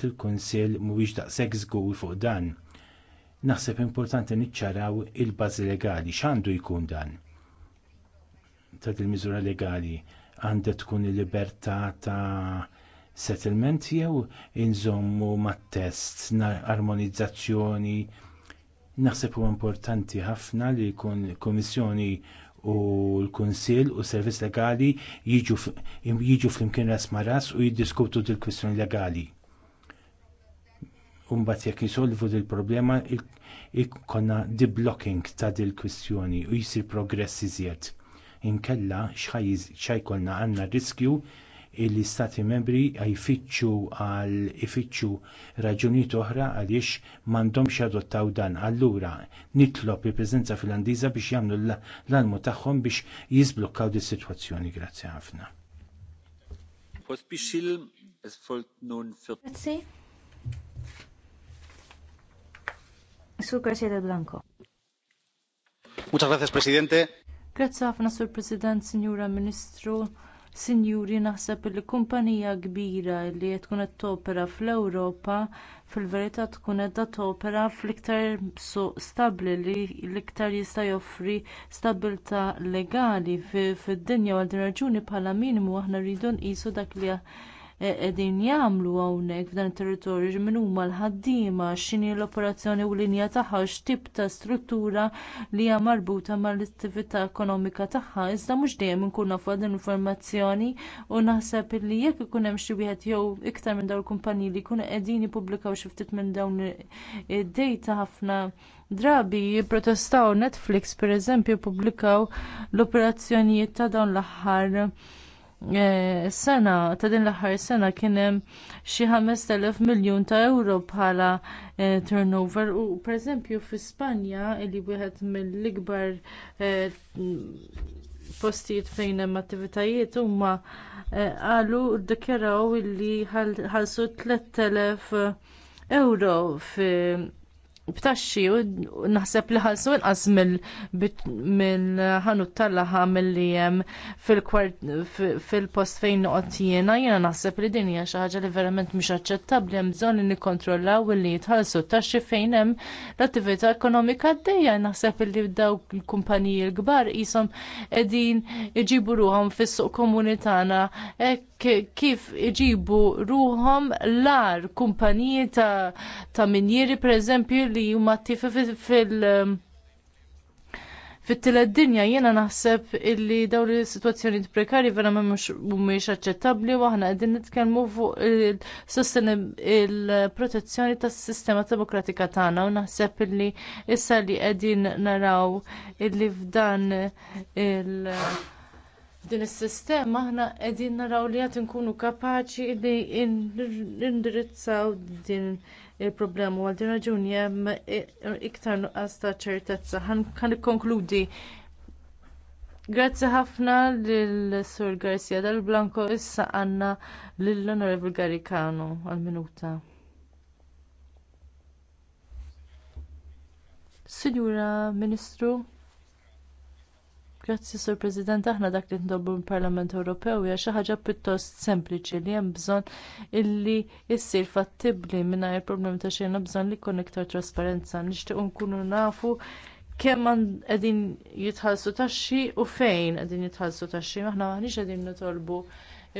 sfortunatament il-kunsill mhuwiex daqshekk żgur fuq dan naħseb importanti niċċaraw il-bażi legali x'għandu jkun dan ta' il-miżura legali għandha tkun il-libertà ta' settlement jew inżommu mat-test armonizzazzjoni naħseb huwa importanti ħafna li jkun kummissjoni u l-Kunsill u s servizz legali jiġu flimkien ras ma' ras u jiddiskutu dil kwistjoni legali Umbat jekk jisolvu dil problema ikkonna blocking ta' dil kwistjoni u jisir progress iżjed. Inkella xajkolna għandna riskju li stati membri jfittxu għal ifittxu raġunijiet oħra għaliex m'għandhomx jadottaw dan. Allura nitlob il-preżenza Finlandiża biex jagħmlu l-almu tagħhom biex jiżblukkaw dis sitwazzjoni Grazzi ħafna. Grazzi. Sur Garcia del Blanco. Muchas gracias, Presidente. Grazzi ħafna, Sur President, Signora Ministru. Sinjuri, naħseb li kumpanija kbira li qed tkun qed topera fl-Ewropa fil-verità tkun qed topera fl-iktar so stabbli li l-iktar jista' joffri stabilità legali fid-dinja għal din raġuni bħala minimu aħna rridu nqisu dak li qegħdin jagħmlu hawnhekk f'dan it-territorju min huma l-ħaddiema x'inhi l-operazzjoni u linja tagħha x'tip ta' struttura li hija marbuta mal-attività ekonomika tagħha iżda mhux dejjem inkun nafu din informazzjoni u naħseb li jekk ikun hemm xi wieħed jew iktar minn dawn il-kumpaniji li jkunu qegħdin jippubblikaw xi ftit minn dawn id-dejta ħafna drabi jipprotestaw netflix pereżempju jippubblikaw l-operazzjonijiet ta' dawn l-aħħar Eh, sena ta' din l-aħħar sena kien hemm xi 5000 miljun ta' euro bħala eh, turnover u pereżempju fi Spanja li wieħed mill-ikbar eh, postijiet fejn hemm attivitajiet huma qalu ddikjaraw li ħallsu 3000 euro fi b'taxxi u naħseb li ħalsu inqas mill-ħanut tal-laħam milli hemm fil-post fejn noqgħod jiena jiena naħseb li din hija xi ħaġa li verament mhux aċċettabbli hemm bżonn li nikkontrollaw li jitħallsu taxxi fejn hemm l-attività ekonomika għaddejja naħseb li dawk il-kumpaniji l-kbar qishom qegħdin iġibu ruhom fis-suq komuni tagħna kif iġibu ruhom l-ar kumpaniji ta' minjieri pereżempju li huma attivi fil- um, fit-tielet dinja jiena naħseb illi dawn is-sitwazzjonijiet prekarji vera mhumiex aċċettabbli u aħna qegħdin nitkellmu fuq il-protezzjoni tas-sistema demokratika tagħna u naħseb illi issa li qegħdin naraw illi f'dan il- F'din is-sistema aħna qegħdin naraw li qed inkunu kapaċi li indirizzaw din il-problema u għal din raġuni hemm iktar nuqqas ta' ċertezza. Ħan ikkonkludi. Grazzi ħafna lil Sur Garcia del Blanco issa għandna lill onorevol Garicano għall minuta. Signora Ministru, Grazzi Sur President, aħna dak li ndobu l-Parlament Ewropew hija xi ħaġa pjuttost sempliċi li hemm bżonn illi issir fattibbli mingħajr problemi ta' xejn bżonn li jkun iktar trasparenza. Nixtiequ nkunu nafu kemm qegħdin jitħallsu taxxi u fejn qegħdin jitħallsu taxxi. Aħna maħniex qegħdin nitolbu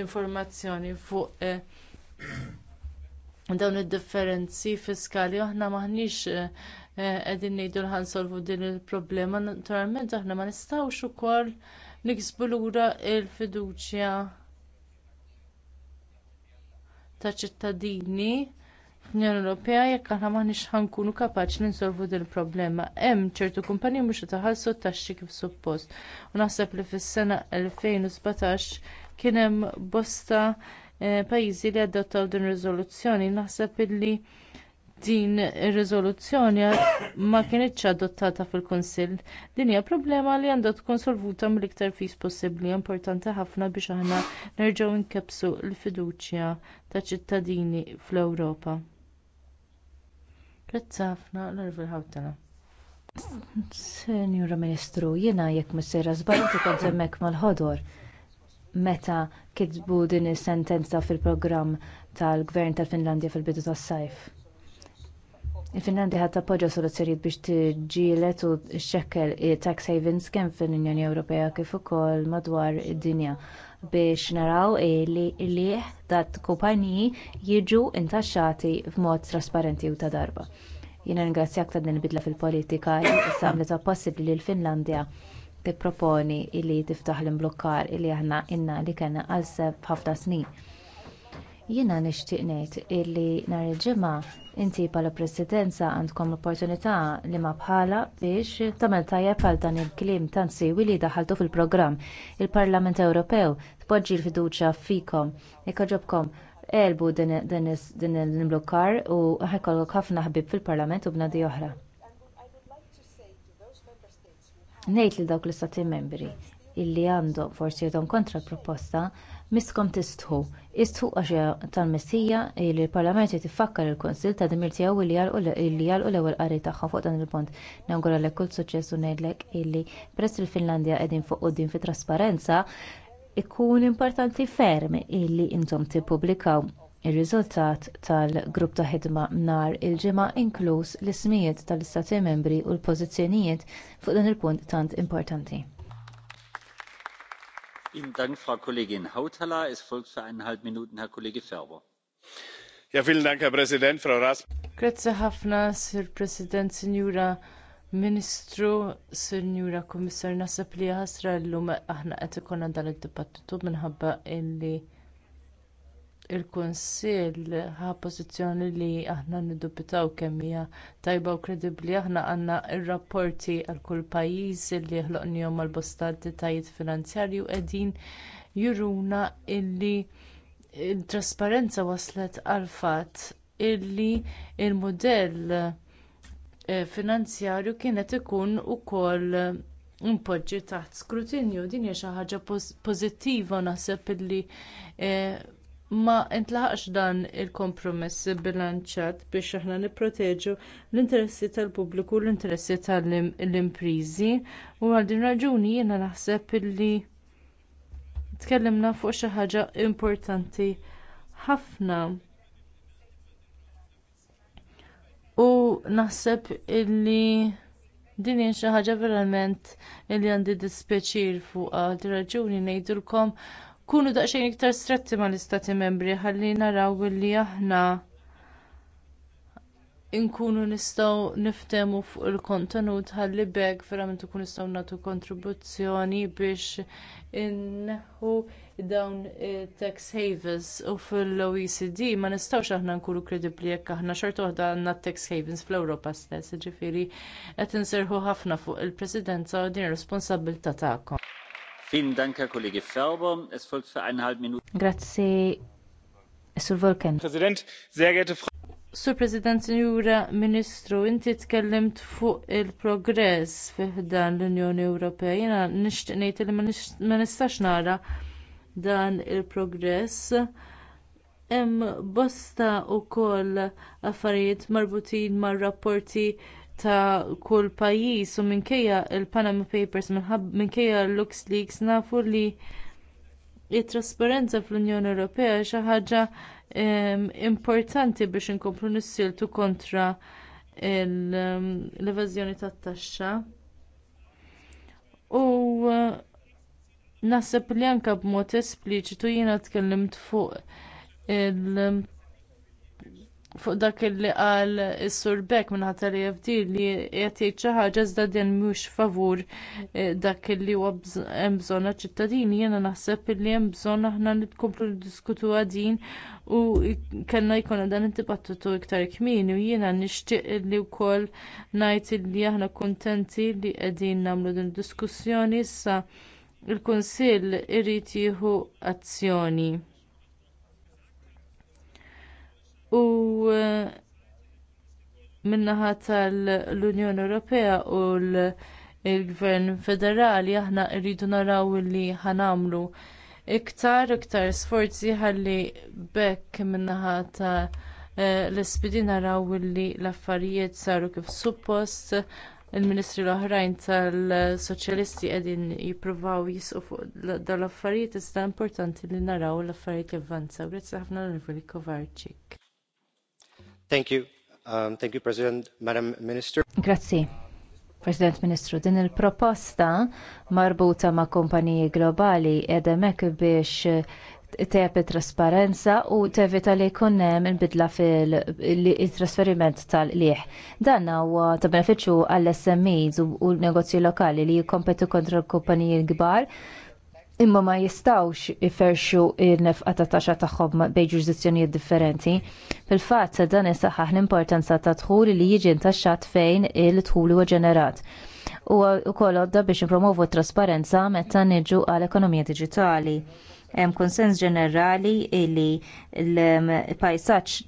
informazzjoni fuq eh, dawn id-differenzi fiskali aħna maħniex eh, qegħdin ngħidu li ħansolvu din il-problema, naturalment aħna ma nistgħux ukoll niksbu lura l-fiduċja taċ ċittadini fl-Unjoni Ewropea jekk aħna m'aħniex ħankunu kapaċi li nsolvu din il-problema. Hemm ċertu kumpaniji mhux qed iħallsu t-taxxi kif suppost. U naħseb li fis-sena 2017 kien hemm bosta eh, pajjiżi li adottaw din ir-riżoluzzjoni. Naħseb illi din ir-riżoluzzjoni ma kinitx adottata fil-kunsill din hija problema li għandha tkun solvuta mill-iktar fis possibbli importanti ħafna biex aħna nerġgħu nkebsu l-fiduċja taċ ċittadini fl-ewropa Grazzi ħafna l-Arvil Ħawtana. Senjura Ministru, jiena jekk missejra żbaljt tkun hemmhekk mal-ħodor meta kitbu din is-sentenza fil-programm tal-Gvern tal-Finlandja fil-bidu tas-sajf Il-Finlandi ħadd appoġġa soluzzjonijiet biex tiġġielet u x-xekkel tax havens kemm fil-Unjoni Ewropea kif ukoll madwar id-dinja biex naraw li dat kumpaniji jiġu intaxxati f'mod trasparenti u ta' darba. Jiena ringrazzjak ta' din bidla fil-politika li issa għamlet possibbli li l-Finlandja tipproponi li tiftaħ l-imblukkar li aħna inna li kellna għal ħafna snin Jiena nixtieq ngħid illi nhar il-ġimgħa inti bħala presidenza għandkom l-opportunità li ma bħala biex tagħmel tajjeb għal dan il-kliem tant siwi li daħaltu fil-programm. Il-Parlament Ewropew tpoġġi l-fiduċja fikom. Jekk ġobkom elbu din il imblukkar u ħajkollok ħafna ħbib fil-Parlament u bnadi oħra. Ngħid li dawk l-istati membri illi għandhom forsi jodhom kontra proposta miskom tistħu is-sħuq tal-mistija li l-parlament irid ifakkar il kunsill ta' Dimir tiegħu li jagħlqu l-ewwel qari tagħha fuq dan il-punt nawguralek kull suċċess u ngħidlek illi peress li l-finlandja qegħdin fuq quddiem fit-trasparenza ikun importanti ferm illi intom tippubblikaw ir-riżultat tal-grupp ta' ħidma nhar il-ġimgħa inkluż l-ismijiet tal-istati membri u l-pożizzjonijiet fuq dan il-punt tant importanti herr präsident frau ħafna sur president sinjura ministru sinjura kummissarju naħseb li hija ħasra llum aħna qed ikollna dan id-dibattitu minħabba li il-kunsill ħa pożizzjoni li aħna niddubitaw kemm hija tajba u kredibbli aħna għandna r-rapporti għal kull pajjiż li ħloqnihom mal-bosta entitajiet finanzjarji u qegħdin juruna li t-trasparenza waslet għal fatt illi l-mudell eh, finanzjarju kienet ikun ukoll impoġġi taħt skrutinju din hija xi ħaġa pożittiva naħseb illi eh, ma ntlaħaqx dan il-kompromess bilanċjat biex aħna nipproteġu l-interessi tal-pubbliku u l-interessi tal-impriżi u għal din raġuni jiena naħseb illi tkellimna fuq xi ħaġa importanti ħafna u naħseb illi din hija xi ħaġa verament li għandi dispjaċir fuqha għal raġuni ngħidulkom kunu daqsxejn iktar stretti mal-istati membri ħalli naraw billi aħna inkunu nistgħu niftehmu fuq il-kontenut ħalli b'hekk verament ikun nistgħu nagħtu kontribuzzjoni biex inneħħu dawn tax havens u fil-OECD ma nistgħux aħna nkunu kredibbli jekk aħna xorta waħda għandna tax havens fl-Ewropa stess, jiġifieri qed inserħu ħafna fuq il-Presidenza u din ir-responsabbiltà tagħkom. Grazzi, Sur President, sehr Signora Ministru, inti tkellimt fuq il-progress fiħdan l-Unjoni Ewropea. Jena nishtiqnejt ngħid li ma nistax nara dan il-progress. Hemm bosta wkoll affarijiet marbutin mar-rapporti ta' kull pajjiż u minkejja l panama Papers minkejja l-LuxLeaks nafu li t trasparenza fl-Unjoni Ewropea xi ħaġa importanti biex inkomplu nissiltu kontra l-evażjoni tat-taxxa. U naħseb li anke b'mod espliċitu jiena tkellimt fuq il- fuq dak li qal is-sur Beck minn ħadd e li qed jgħid xi ħaġa iżda din mhux favur eh, dak li huwa hemm bżonn ċittadini jiena naħseb li hemm bżonn aħna nitkomplu niddiskutuha din u kellna jkollna dan id-dibattitu iktar kmieni u jiena nixtieq li wkoll ngħid li aħna kuntenti li qegħdin nagħmlu din id-diskussjoni issa il-kunsill irid jieħu azzjoni u eh, minnaħa naħa tal-Unjoni Ewropea u l-Gvern Federali aħna rridu naraw li ħanamlu iktar iktar sforzi ħalli bekk min-naħa ta' eh, l ispidi naraw li l-affarijiet saru kif suppost il-ministri l-oħrajn tal-soċjalisti qegħdin jippruvaw jisqu fuq dawn l-affarijiet iżda importanti li naraw l-affarijiet javvanzaw. Grazzi ħafna l-Onorevoli Kovarċik. Thank you. Um, thank you, President, Madam Grazzi. President Ministru, din il-proposta marbuta ma' kumpaniji globali edemek biex tepi trasparenza u tevita li jkun hemm il-bidla fil-trasferiment tal liħ Dan huwa ta' benefiċċju għall-SMEs u l-negozji lokali li jikkompetu kontra l-kumpaniji kbar imma ma jistawx iferxu il-nefqa ta' taxxa tagħhom bej ġurisdizzjonijiet differenti. Fil-fatt dan saħħaħ l-importanza ta' tħuli li jiġi ntaxxat fejn il-dħul huwa ġenerat. U wkoll għodda biex nippromovu t-trasparenza meta niġu għal ekonomija diġitali. Hemm konsens ġenerali li l-pajsaġġ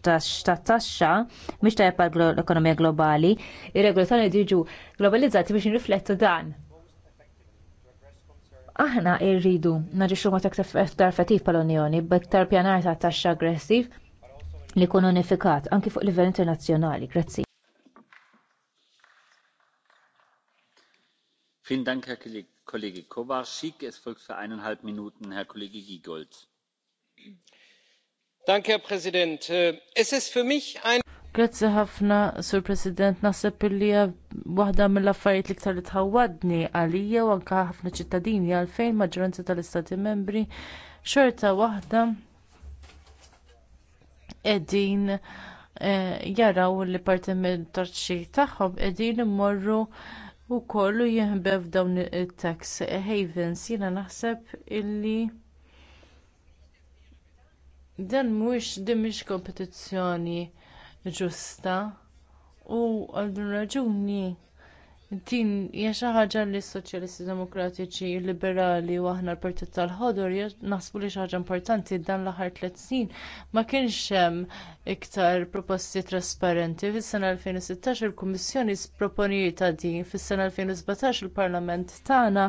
ta' taxxa mhix tajjeb għall-ekonomija globali, ir regolazzjoni tagħna jiġu globalizzati biex nirriflettu dan. Aħna rridu naġixxu ma taktar effettiv pal-Unjoni b'iktar pjanar ta' taxxa aggressiv li jkun unifikat anki fuq livell internazzjonali. Grazzi. Vielen Dank, Herr Kollege Kovarsik. Es folgt für eineinhalb Minuten Herr Kollege Giegold. Danke, Herr Präsident. Äh, es ist für mich ein Grazzi ħafna, Sur President, naħseb li waħda mill-affarijiet li ktar li tħawwadni għalija u anke ħafna ċittadini għalfejn maġġoranza tal-Istati membri xorta waħda qegħdin eh, jaraw li parti minn torċi tagħhom qegħdin immorru u kollu f'dawn dawn it-tax havens jiena naħseb illi dan mhuwiex din mhix kompetizzjoni ġusta u għal din raġuni din hija xi ħaġa li s-soċjalisti demokratiċi liberali u aħna l-partit tal-ħodor naħsbu li xi ħaġa importanti dan l-aħħar tliet snin ma kienx hemm iktar proposti trasparenti fis-sena 2016 il-kummissjoni ta' din fis-sena 2017 il-parlament tagħna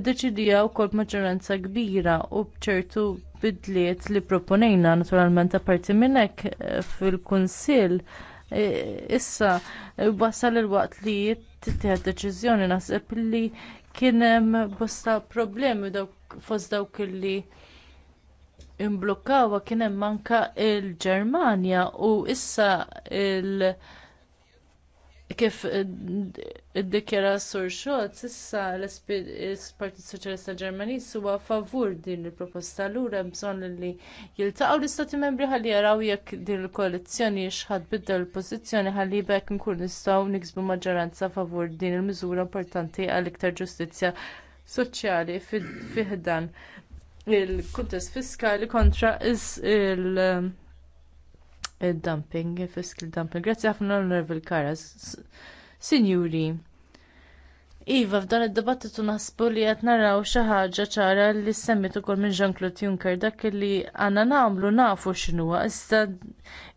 iddeċidija wkoll b'maġġoranza kbira u b'ċertu bidliet li proponejna naturalment apparti minn hekk eh, fil-kunsill eh, issa eh, wasal il-waqt li jittieħed deċiżjoni naħseb li kien hemm bosta problemi fost dawk li mblukkawha kien hemm anke l-Ġermanja u issa il- kif iddikjara sur xogħol issa l-Partit Soċjalista Ġermaniż huwa favur din il-proposta lura bżonn li jiltaqgħu l-istati membri ħalli jaraw jekk din il-koalizzjoni x'ħadd biddel il-pożizzjoni ħalli bekk nkun nistgħu niksbu maġġoranza favur din il-miżura importanti għal iktar ġustizzja soċjali fih il-kuntest fiskali kontra is il- id-dumping, il-fiscal dumping. Grazzi ħafna l-Nervil Karas. Sinjuri, Iva, f'dan id-dibattitu naħsbu li qed naraw xi ħaġa ċara li semmit ukoll minn Jean-Claude Juncker dak li għandna nagħmlu nafu x'inhuwa issa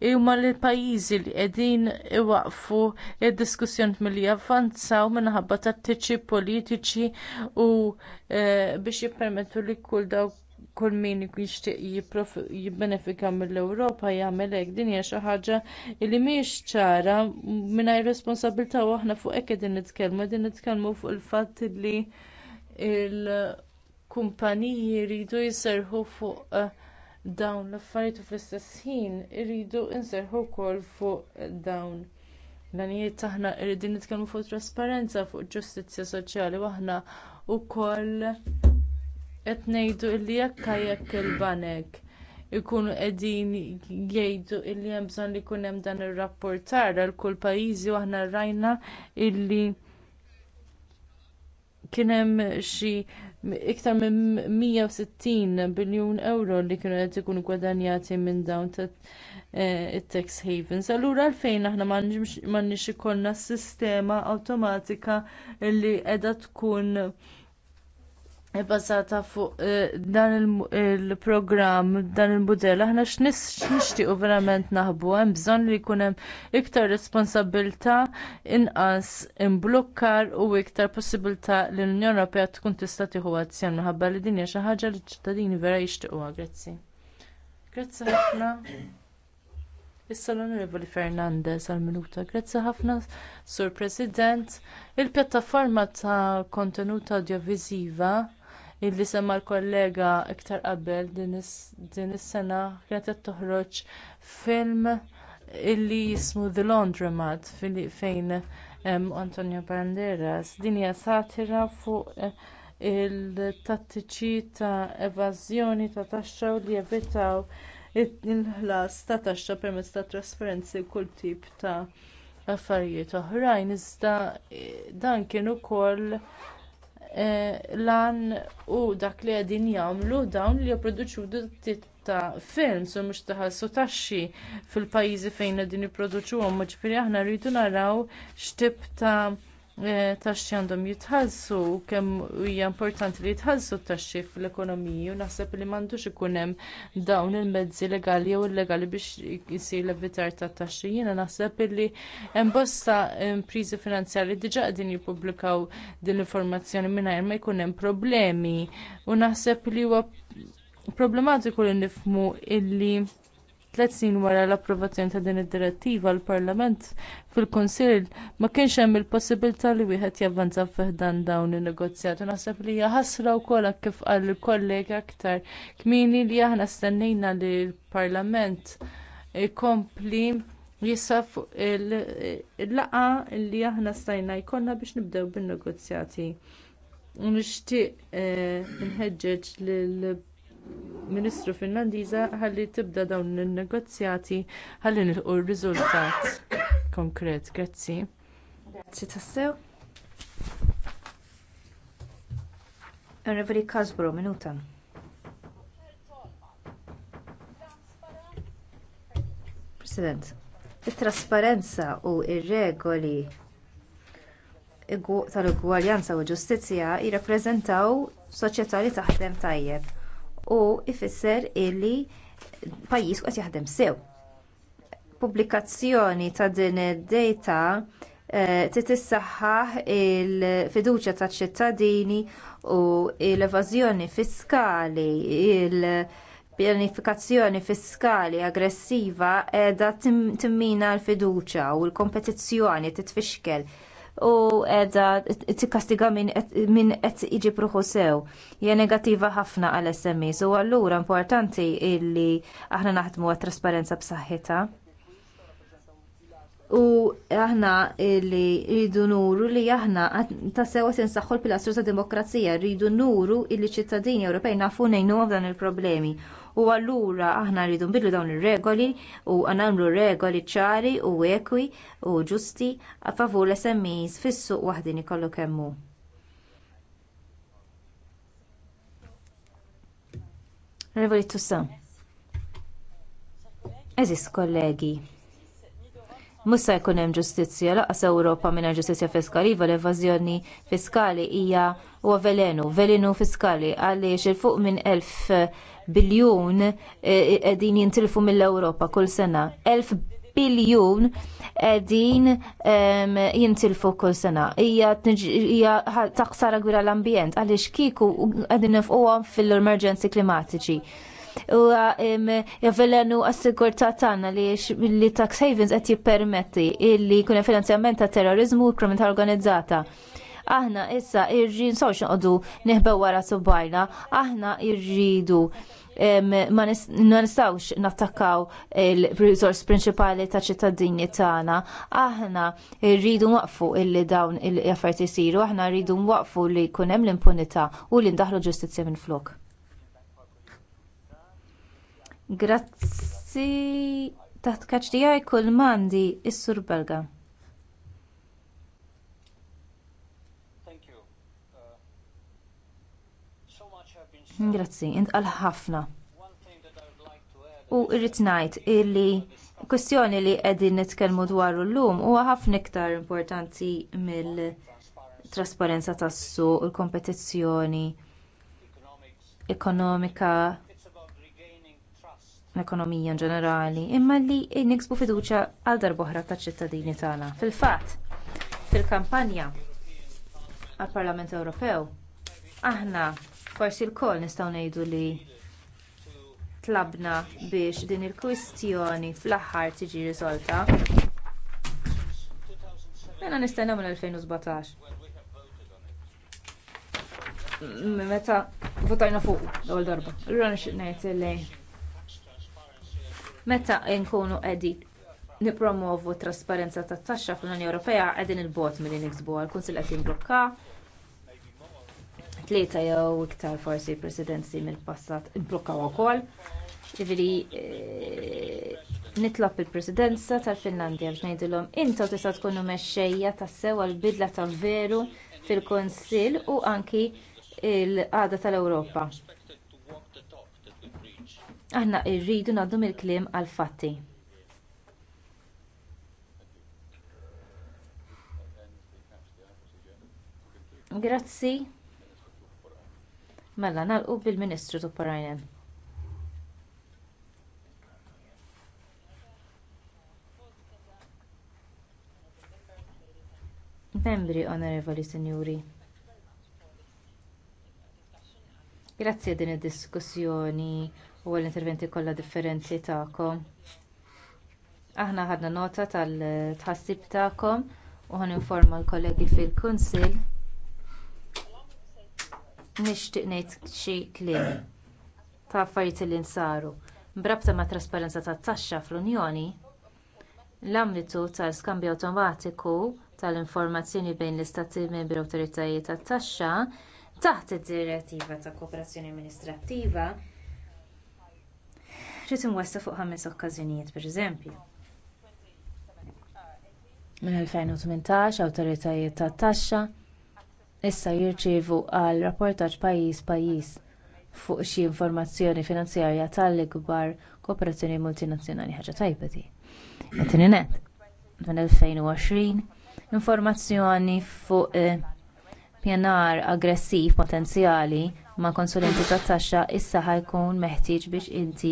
huma li pajjiżi li qegħdin iwaqfu id-diskussjoni milli avvanzaw minħabba tattiċi politiċi u eh, biex jippermettu li kull dawk kull min jixtieq jibbenefika mill-Ewropa jagħmel hekk din hija xi ħaġa li mhijiex ċara mingħajr responsabilità u aħna fuq hekk qegħdin nitkellmu qegħdin nitkellmu fuq il-fatt li l-kumpaniji jridu jserħu fuq eh, dawn l-affarijiet u fl-istess ħin iridu nserħu wkoll fuq dawn l-għanijiet aħna irridin nitkellmu fuq trasparenza fuq ġustizzja soċjali u aħna wkoll qed ngħidu li jekk jekk il-banek ikunu qegħdin jgħidu li hemm bżonn li jkun hemm dan ir-rapportar għal kull pajjiżi u aħna rajna illi kien hemm xi iktar minn 160 biljun euro li kienu qed ikunu ggwadanjati minn dawn e, it-tax havens. Allura għalfejn aħna m'għandniex ikollna sistema awtomatika li qiegħda tkun bbażata fuq eh, dan il-programm, dan il-mudell, aħna x'nixtiequ verament naħbu hemm bżonn li jkun hemm iktar responsabilità inqas imblukkar u iktar possibilità li l-Unjoni Ewropea tkun tista' tieħu azzjon minħabba li din hija xi ħaġa li ċ-ċittadini vera jixtiequha. Grazzi. Grazzi ħafna. Issa l-Onorevoli Fernandez għal-minuta. Grazzi ħafna, Sur President. Il-pjattaforma ta' kontenut audiovisiva illi semma l-kollega iktar qabel din is-sena kienet qed toħroġ film illi jismu The Laundromat fejn Antonio Banderas. Din hija satira fuq eh, il-tattiċi ta' evażjoni ta' taxxa u li jevitaw il-ħlas ta' taxxa permezz ta' trasferenzi kull tip ta' affarijiet oħrajn iżda eh, dan kien ukoll Eh, lan u dak li qegħdin jagħmlu dawn li jipproduċu ta' film u mhux taħassu taxxi fil-pajjiżi fejn qegħdin jipproduċuhom, ġifieri aħna rridu naraw x'tip ta' E, taxxi għandhom jitħallsu u kemm hija importanti li jitħallsu t-taxxi fl-ekonomiji u naħseb li m'għandux ikun hemm dawn il-mezzi legali jew illegali biex isir l-evitar tat-taxxi. Jiena naħseb li hemm bosta impriżi finanzjarji diġà qegħdin jippubblikaw din l-informazzjoni mingħajr ma jkun hemm problemi u naħseb li huwa problematiku li nifhmu illi tliet snin wara l-approvazzjoni ta' din id-direttiva l-Parlament fil-Kunsill ma kienx hemm il-possibilità li wieħed javvanza fih dan dawn in-negozjat. Naħseb li hija ħasra wkoll kif qal il-kollega aktar kmieni li aħna stennejna li l-Parlament ikompli jisaf il-laqa li aħna stajna jkollna biex nibdew bin-negozjati. Nixtieq inħeġġeġ eh, lill ministru Finlandiża ħalli tibda dawn in-negozjati ħalli nilqu r-riżultat konkret. Grazzi. Grazzi tassew. Onorevoli Casbro, minuta. President, it-trasparenza u r-regoli tal-ugwaljanza u ġustizzja jirrappreżentaw soċjetà li taħdem tajjeb u ifisser illi pajjiż qed jaħdem sew. Pubblikazzjoni ta' din id-data eh, titissaħħaħ il-fiduċja taċ ċittadini u l-evażjoni fiskali, il-pjanifikazzjoni fiskali aggressiva qiegħda timmina l-fiduċja u l-kompetizzjoni titfixkel u edha tikkastiga minn qed iġi pruħu sew. Hija negattiva ħafna għal SMEs u allura importanti illi aħna naħdmu għat trasparenza b'saħħitha u aħna li rridu nuru li aħna ta' sewa tinsaħħu l-pilastru ta' demokrazija, rridu nuru li ċittadini Ewropej nafu nejnu f'dan il-problemi. U allura aħna rridu nbidlu dawn ir-regoli u għanamlu regoli ċari u ekwi u ġusti a favur l-SMEs fis-suq waħdin ikollu kemmu. Revoli Tussan. Eżis kollegi mhux se jkun hemm ġustizzja laqas Ewropa mingħajr ġustizzja fiskali iva l-evażjoni fiskali hija huwa velenu, velenu fiskali għaliex il fuq minn elf biljun e, e, qegħdin jintilfu mill-Ewropa kull sena. Elf biljun qegħdin jintilfu kull sena. Hija taqsara gwira l-ambjent għaliex kieku qegħdin nifquhom fil-emerġenzi klimatiċi u jivvelenu għas-sigurtà tagħna li tax havens qed jippermetti li jkun finanzjament ta' terrorizmu u kriminalità organizzata aħna issa irġin sawx nqodu neħbew wara subajna, aħna irġidu ma nistawx nattakkaw il-resource prinċipali ta' ċittadini tagħna. Aħna rridu waqfu illi dawn il-affarijiet isiru, aħna rridu waqfu li jkun hemm l-impunità u li ndaħlu ġustizzja minn flok. Grazzi taħt kaċdijaj kull mandi is-sur Belga. Uh, Grazzi, intqal ħafna. U irrid ngħid illi kwestjoni li qegħdin nitkellmu dwaru llum huwa ħafna iktar importanti mill-trasparenza tas-suq, il-kompetizzjoni ekonomika, l-ekonomija ġenerali, imma li niksbu fiduċja għal darbohra taċ ċittadini tagħna. Fil-fatt, fil-kampanja għall parlament Ewropew, aħna forsi lkoll nistgħu ngħidu li tlabna biex din il-kwistjoni fl-aħħar tiġi riżolta. Mela nistennew mill-2017. Meta votajna fuq l-ewwel darba. Allura nixtieq ngħid meta nkunu qegħdin nippromovu t trasparenza tat-taxxa fl-Unjoni Ewropea qegħdin il-bot milli niksbuha għall kunsill qed jimblukka tlieta jew iktar forsi presidenzi mill-passat imblukkaw ukoll. Ġifieri eh, nitlob il-presidenza tal-Finlandja biex ngħidilhom intom tista' tkunu mexxejja tas għall-bidla ta' veru fil-Kunsill u anki l-qagħda tal-Ewropa aħna rridu ngħaddu mill-kliem għal fatti grazzi mela nagħlqu bil-ministru Tupparajnen. membri onorevoli sinjuri grazzi din id-diskussjoni u l-interventi kollha differenti tagħkom. Aħna ħadna nota tal-tħassib tagħkom u ħan informa l-kollegi fil-Kunsill. Nixtieq ngħid xi kliem ta' affarijiet li nsaru. Brabta mat trasparenza tat-taxxa fl-Unjoni, l-ambitu tal-skambju awtomatiku tal-informazzjoni bejn l-istati membri u awtoritajiet tat-taxxa taħt id-direttiva ta' kooperazzjoni amministrattiva ħrid imwessa fuq ħames okkażjonijiet pereżempju minn 2018 awtoritajiet tat-taxxa issa jirċievu għal rapportaġġ pajjiż pajjiż fuq xi informazzjoni finanzjarja tal-ikbar korporazzjoni multinazzjonali ħaġa tajba di. Qed net minn 2020 informazzjoni fuq eh, pjanar aggressiv potenzjali ma' konsulenti tat-taxxa issa ħajkun meħtieġ biex inti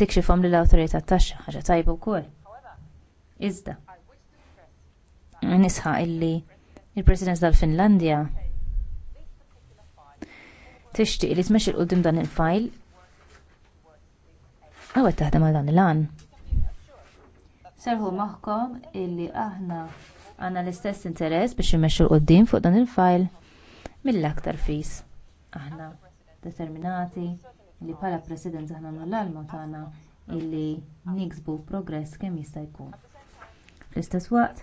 tikxifhom lill-awtorità tax-taxxa ħaġa tajba wkoll iżda nisħaq illi l president tal-finlandja tixtieq li tmexxi l quddiem dan il-file u qed taħdem għal dan il-għan serħu magħhom illi aħna għandna l-istess interess biex immexxu l quddiem fuq dan il-file mill-aktar fis aħna determinati li bħala President aħna nagħmlu tagħna illi niksbu progress kemm jista' jkun fl-istess waqt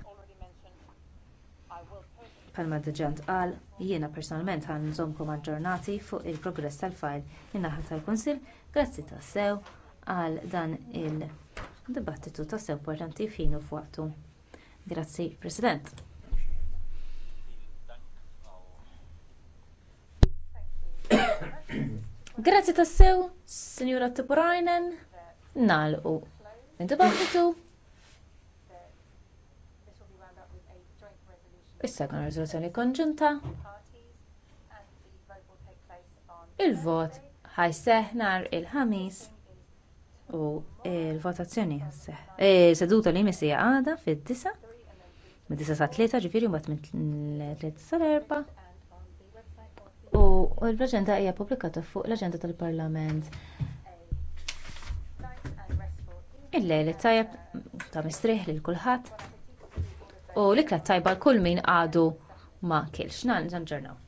bħalma diġà qal, jiena personalment ħanżommkom aġġornati fuq il-progress tal-fajl min-naħa tal-kunsill grazzi tassew għal dan id dibattitu tassew importanti fien u grazzi president Grazzi tassew, Signora Tipurajnen, nalqu. Intibattitu. Issa għan rizoluzjoni konġunta. Il-vot ħaj seħnar il-ħamis u il-votazzjoni ħajseħ. E, seduta li misi għada fil disa Mid-disa sa' tlieta ġifiri mbat mid tlieta sa' l erba' u l-aġenda hija pubblikata fuq l-aġenda tal-Parlament. Il-lejl tajjeb ta' mistrieħ lil kulħadd u l-ikla tajba l-kull min għadu ma' kilx. Nan ġurnaw.